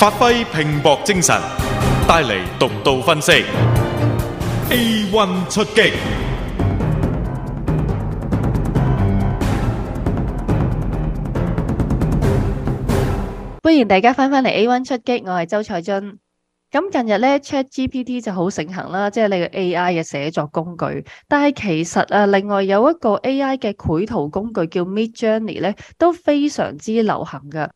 發揮拼搏精神，帶嚟獨到分析。A1 出擊，歡迎大家翻返嚟 A1 出擊，我係周彩俊。咁近日咧，ChatGPT 就好盛行啦，即係你個 AI 嘅寫作工具。但係其實啊，另外有一個 AI 嘅繪圖工具叫 Midjourney 咧，都非常之流行噶。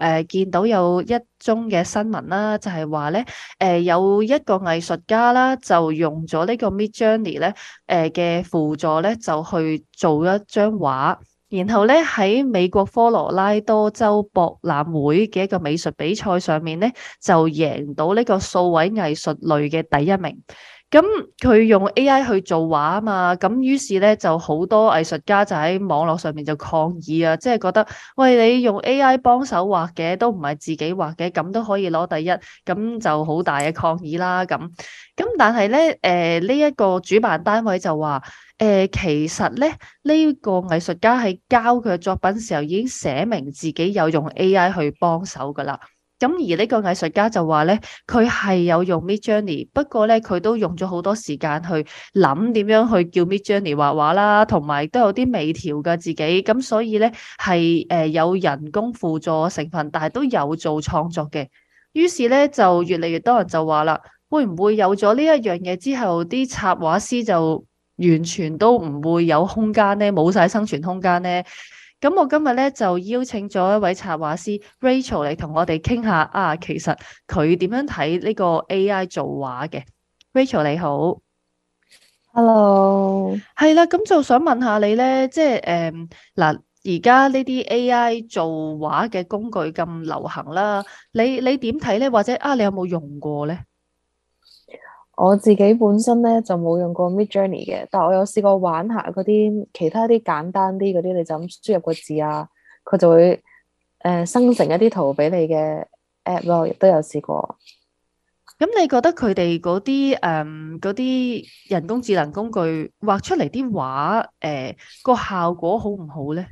誒、呃、見到有一宗嘅新聞啦，就係話咧，誒、呃、有一個藝術家啦，就用咗呢個 Midjourney 咧，誒嘅輔助咧、呃，就去做一張畫，然後咧，喺美國科羅拉多州博覽會嘅一個美術比賽上面咧，就贏到呢個數位藝術類嘅第一名。咁佢用 A.I. 去做畫啊嘛，咁於是咧就好多藝術家就喺網絡上面就抗議啊，即係覺得，喂，你用 A.I. 幫手畫嘅都唔係自己畫嘅，咁都可以攞第一，咁就好大嘅抗議啦。咁，咁但係咧，誒呢一個主辦單位就話，誒其實咧呢個藝術家喺交佢作品時候已經寫明自己有用 A.I. 去幫手噶啦。咁而呢個藝術家就話咧，佢係有用 Midjourney，不過咧佢都用咗好多時間去諗點樣去叫 Midjourney 畫畫啦，同埋都有啲微調嘅自己，咁所以咧係誒有人工輔助成分，但係都有做創作嘅。於是咧就越嚟越多人就話啦，會唔會有咗呢一樣嘢之後，啲插畫師就完全都唔會有空間咧，冇晒生存空間咧？咁我今日咧就邀請咗一位插畫師 Rachel 嚟同我哋傾下啊，其實佢點樣睇呢個 AI 做畫嘅？Rachel 你好，Hello，係啦，咁就想問下你咧，即係誒嗱，而家呢啲 AI 做畫嘅工具咁流行啦，你你點睇咧？或者啊，你有冇用過咧？我自己本身咧就冇用過 Midjourney 嘅，但係我有試過玩下嗰啲其他啲簡單啲嗰啲，你就咁輸入個字啊，佢就會誒、呃、生成一啲圖俾你嘅 app 咯，我亦都有試過。咁你覺得佢哋嗰啲誒啲人工智能工具畫出嚟啲畫誒個效果好唔好咧？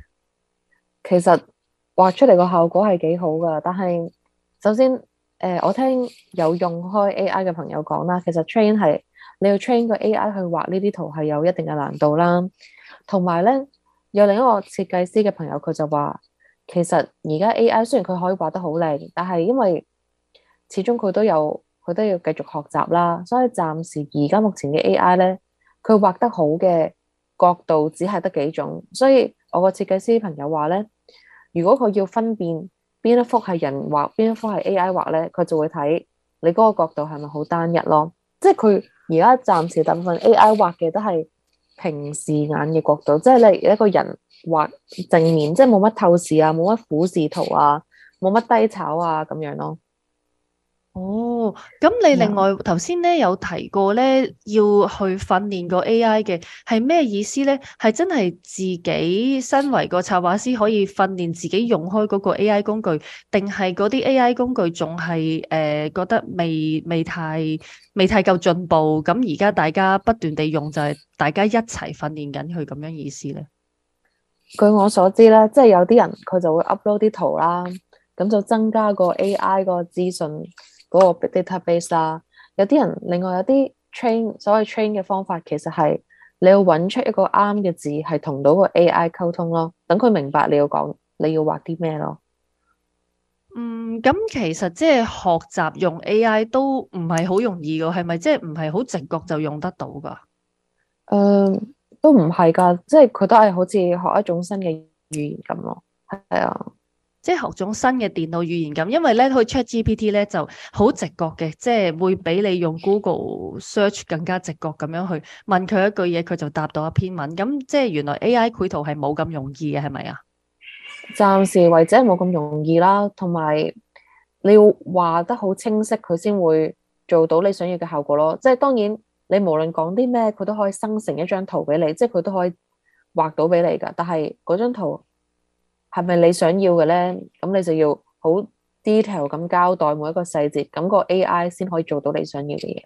其實畫出嚟個效果係幾好噶，但係首先。誒、呃，我聽有用開 AI 嘅朋友講啦，其實 train 係你要 train 個 AI 去畫呢啲圖係有一定嘅難度啦。同埋咧，有另一個設計師嘅朋友佢就話，其實而家 AI 雖然佢可以畫得好靚，但係因爲始終佢都有佢都要繼續學習啦，所以暫時而家目前嘅 AI 咧，佢畫得好嘅角度只係得幾種。所以我個設計師朋友話咧，如果佢要分辨，邊一幅係人畫，邊一幅係 AI 畫咧？佢就會睇你嗰個角度係咪好單一咯？即係佢而家暫時大部分 AI 畫嘅都係平視眼嘅角度，即係你一個人畫正面，即係冇乜透視啊，冇乜俯視圖啊，冇乜低炒啊咁樣咯。哦，咁你另外頭先咧有提過咧要去訓練個 A I 嘅，係咩意思咧？係真係自己身為個插畫師可以訓練自己用開嗰個 A I 工具，定係嗰啲 A I 工具仲係誒覺得未未太未太夠進步？咁而家大家不斷地用就係、是、大家一齊訓練緊佢咁樣意思咧？據我所知咧，即係有啲人佢就會 upload 啲圖啦，咁就增加個 A I 個資訊。嗰個 database 啦、啊，有啲人另外有啲 train，所謂 train 嘅方法其實係你要揾出一個啱嘅字，係同到個 AI 溝通咯。等佢明白你要講，你要畫啲咩咯？嗯，咁其實即係學習用 AI 都唔係好容易嘅，係咪？即係唔係好直覺就用得到噶？誒、嗯，都唔係噶，即係佢都係好似學一種新嘅語言咁咯。係啊。即係學種新嘅電腦語言咁，因為咧去 Chat GPT 咧就好直覺嘅，即係會比你用 Google Search 更加直覺咁樣去問佢一句嘢，佢就答到一篇文。咁即係原來 AI 繪圖係冇咁容易嘅，係咪啊？暫時或者冇咁容易啦，同埋你要話得好清晰，佢先會做到你想要嘅效果咯。即係當然你無論講啲咩，佢都可以生成一張圖俾你，即係佢都可以畫到俾你噶。但係嗰張圖。係咪你想要嘅咧？咁你就要好 detail 咁交代每一個細節，咁個 A I 先可以做到你想要嘅嘢。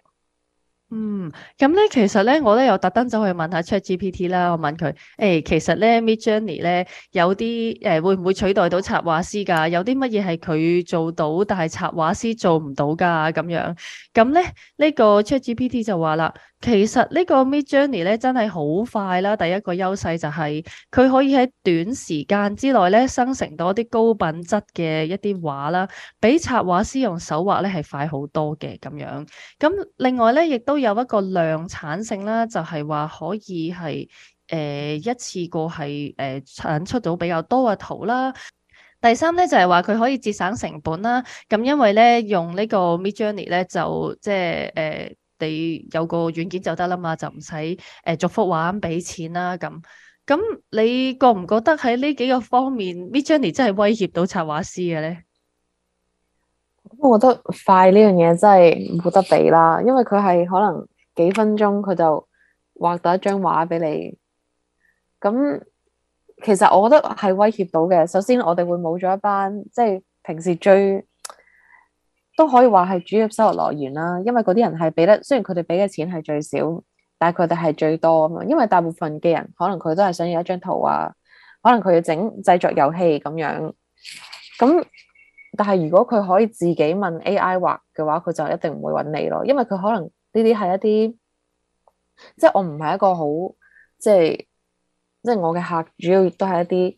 嗯，咁咧，其實咧，我咧又特登走去問，問下 ChatGPT 啦。我問佢，誒、欸，其實咧，Midjourney 咧有啲誒、呃，會唔會取代到插畫師噶有啲乜嘢係佢做到，但係插畫師做唔到噶咁樣，咁咧呢、這個 ChatGPT 就話啦，其實個呢個 Midjourney 咧真係好快啦。第一個優勢就係、是、佢可以喺短時間之內咧生成到一啲高品質嘅一啲畫啦，比插畫師用手畫咧係快好多嘅咁樣。咁另外咧，亦都。都有一個量產性啦，就係、是、話可以係誒、呃、一次過係誒、呃、產出到比較多嘅圖啦。第三咧就係話佢可以節省成本啦。咁、嗯、因為咧用個呢個 Midjourney 咧就即係誒，你有個軟件就得啦嘛，就唔使誒逐幅畫咁俾錢啦。咁咁、嗯、你覺唔覺得喺呢幾個方面，Midjourney 真係威脅到插畫師嘅咧？我覺得快呢樣嘢真係冇得比啦，因為佢係可能幾分鐘佢就畫到一張畫俾你。咁其實我覺得係威脅到嘅。首先，我哋會冇咗一班即係平時最都可以話係主要收入來源啦。因為嗰啲人係俾得，雖然佢哋俾嘅錢係最少，但係佢哋係最多咁樣。因為大部分嘅人可能佢都係想要一張圖啊，可能佢要整製作遊戲咁樣咁。但係如果佢可以自己問 AI 畫嘅話，佢就一定唔會揾你咯，因為佢可能呢啲係一啲，即係我唔係一個好，即係即係我嘅客主要都係一啲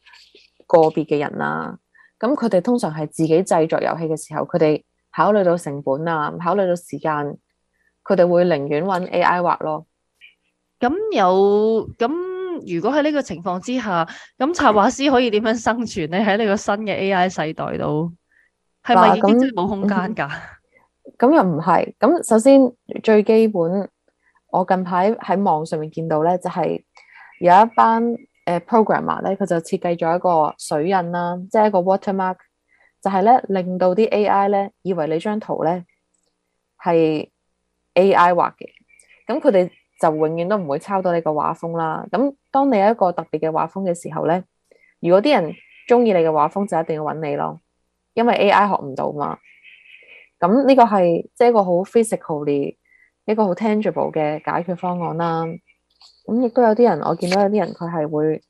個別嘅人啦、啊。咁佢哋通常係自己製作遊戲嘅時候，佢哋考慮到成本啊，考慮到時間，佢哋會寧願揾 AI 畫咯。咁有咁如果喺呢個情況之下，咁插畫師可以點樣生存咧？喺呢個新嘅 AI 世代度？係咪已經冇空間㗎？咁又唔係。咁、嗯嗯、首先最基本，我近排喺網上面見到咧，就係有一班誒 programmer 咧，佢、呃、就設計咗一個水印啦，即係一個 watermark，就係、是、咧、嗯嗯、令到啲 AI 咧以為你張圖咧係 AI 畫嘅。咁佢哋就永遠都唔會抄到你個畫風啦。咁當你有一個特別嘅畫風嘅時候咧，如果啲人中意你嘅畫風，就一定要揾你咯。因為 AI 學唔到嘛，咁、嗯、呢、這個係即係一個好 physically 一個好 tangible 嘅解決方案啦。咁、嗯、亦都有啲人，我見到有啲人佢係會誒、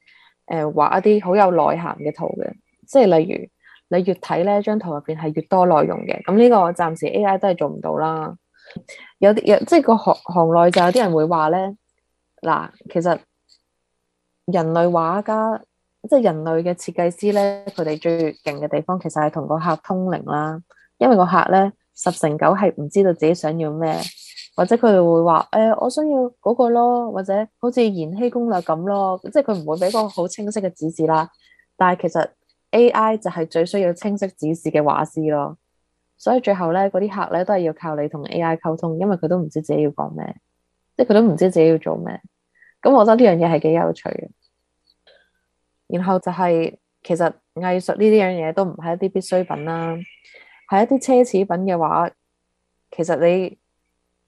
呃、畫一啲好有內涵嘅圖嘅，即係例如你越睇咧，張圖入邊係越多內容嘅。咁、嗯、呢、這個暫時 AI 都係做唔到啦。有啲有即係個行行內就有啲人會話咧，嗱，其實人類畫家。即係人類嘅設計師咧，佢哋最勁嘅地方，其實係同個客通靈啦。因為個客咧十成九係唔知道自己想要咩，或者佢哋會話誒、欸，我想要嗰個咯，或者好似延禧攻略咁咯，即係佢唔會俾個好清晰嘅指示啦。但係其實 AI 就係最需要清晰指示嘅畫師咯。所以最後咧，嗰啲客咧都係要靠你同 AI 溝通，因為佢都唔知自己要講咩，即係佢都唔知自己要做咩。咁我覺得呢樣嘢係幾有趣嘅。然後就係、是，其實藝術呢啲樣嘢都唔係一啲必需品啦，係一啲奢侈品嘅話，其實你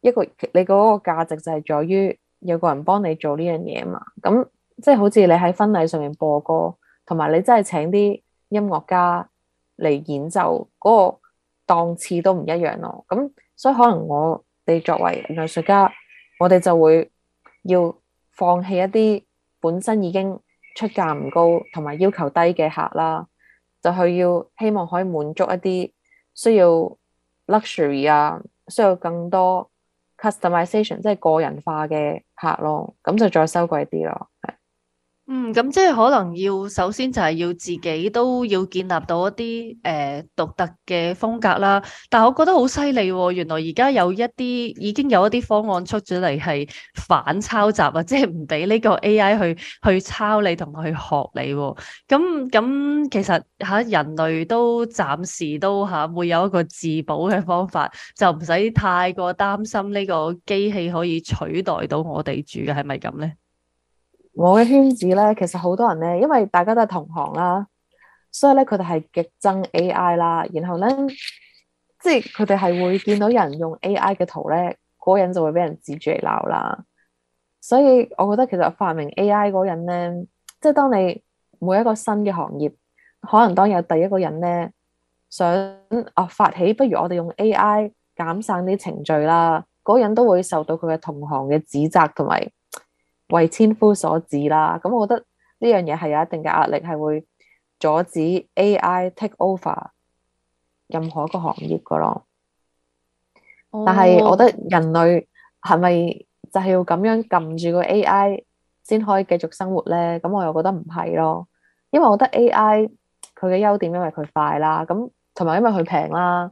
一個你個價值就係在於有個人幫你做呢樣嘢嘛，咁即係好似你喺婚禮上面播歌，同埋你真係請啲音樂家嚟演奏，嗰、那個檔次都唔一樣咯。咁所以可能我哋作為藝術家，我哋就會要放棄一啲本身已經出價唔高同埋要求低嘅客啦，就去要希望可以滿足一啲需要 luxury 啊，需要更多 customization，即係個人化嘅客咯，咁就再收貴啲咯。嗯，咁即係可能要首先就係要自己都要建立到一啲誒、呃、獨特嘅風格啦。但係我覺得好犀利喎，原來而家有一啲已經有一啲方案出咗嚟係反抄襲啊，即係唔俾呢個 AI 去去抄你同埋去學你喎、哦。咁咁其實吓人類都暫時都吓會有一個自保嘅方法，就唔使太過擔心呢個機器可以取代到我哋住嘅，係咪咁咧？是我嘅圈子咧，其實好多人咧，因為大家都係同行啦，所以咧佢哋係極憎 AI 啦。然後咧，即係佢哋係會見到有人用 AI 嘅圖咧，嗰人就會俾人指住嚟鬧啦。所以我覺得其實發明 AI 嗰人咧，即係當你每一個新嘅行業，可能當有第一個人咧想啊發起，不如我哋用 AI 減省啲程序啦，嗰人都會受到佢嘅同行嘅指責同埋。為千夫所指啦，咁我覺得呢樣嘢係有一定嘅壓力，係會阻止 A.I. take over 任何一個行業噶咯。但係我覺得人類係咪就係要咁樣撳住個 A.I. 先可以繼續生活咧？咁我又覺得唔係咯，因為我覺得 A.I. 佢嘅優點，因為佢快啦，咁同埋因為佢平啦。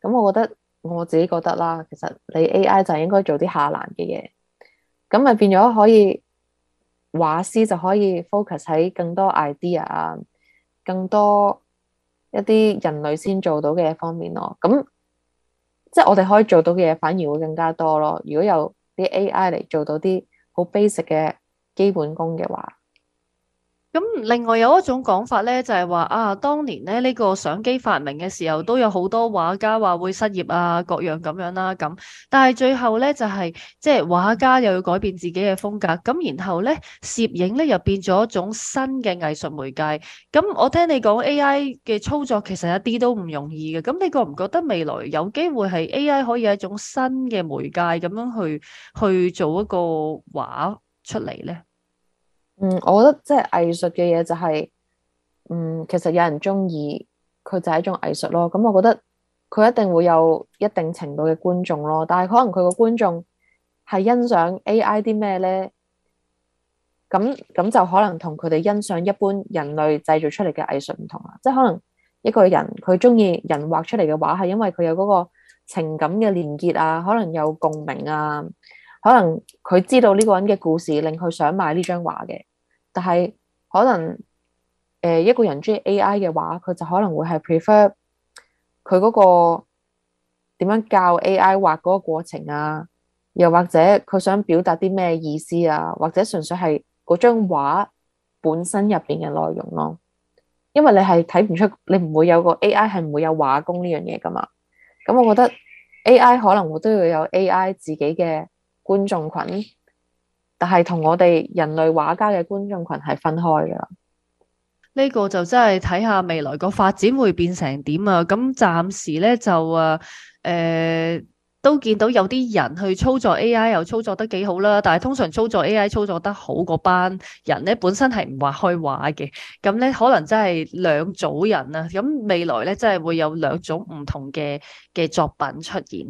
咁我覺得我自己覺得啦，其實你 A.I. 就係應該做啲下欄嘅嘢。咁咪變咗可以畫師就可以 focus 喺更多 idea 啊，更多一啲人類先做到嘅方面咯。咁即係我哋可以做到嘅嘢反而會更加多咯。如果有啲 AI 嚟做到啲好 basic 嘅基本功嘅話。咁另外有一種講法咧，就係話啊，當年咧呢個相機發明嘅時候，都有好多畫家話會失業啊，各樣咁樣啦。咁但係最後咧就係即係畫家又要改變自己嘅風格，咁然後咧攝影咧又變咗一種新嘅藝術媒介。咁我聽你講 AI 嘅操作其實一啲都唔容易嘅。咁你覺唔覺得未來有機會係 AI 可以係一種新嘅媒介咁樣去去做一個畫出嚟咧？嗯，我覺得即係藝術嘅嘢，就係、就是，嗯，其實有人中意佢就係一種藝術咯。咁、嗯、我覺得佢一定會有一定程度嘅觀眾咯。但係可能佢個觀眾係欣賞 AI 啲咩咧？咁、嗯、咁、嗯嗯、就可能同佢哋欣賞一般人類製造出嚟嘅藝術唔同啦。即係可能一個人佢中意人畫出嚟嘅畫，係因為佢有嗰個情感嘅連結啊，可能有共鳴啊。可能佢知道呢個人嘅故事，令佢想買呢張畫嘅。但係可能誒、呃，一個人中意 AI 嘅畫，佢就可能會係 prefer 佢嗰個點樣教 AI 畫嗰個過程啊，又或者佢想表達啲咩意思啊，或者純粹係嗰張畫本身入邊嘅內容咯、啊。因為你係睇唔出，你唔會有個 AI 係唔會有畫工呢樣嘢噶嘛。咁我覺得 AI 可能我都要有 AI 自己嘅。觀眾群，但係同我哋人類畫家嘅觀眾群係分開噶。呢個就真係睇下未來個發展會變成點啊！咁暫時咧就啊，誒、呃，都見到有啲人去操作 A.I. 又操作得幾好啦。但係通常操作 A.I. 操作得好嗰班人咧，本身係唔畫開畫嘅。咁咧可能真係兩組人啊。咁未來咧真係會有兩種唔同嘅嘅作品出現。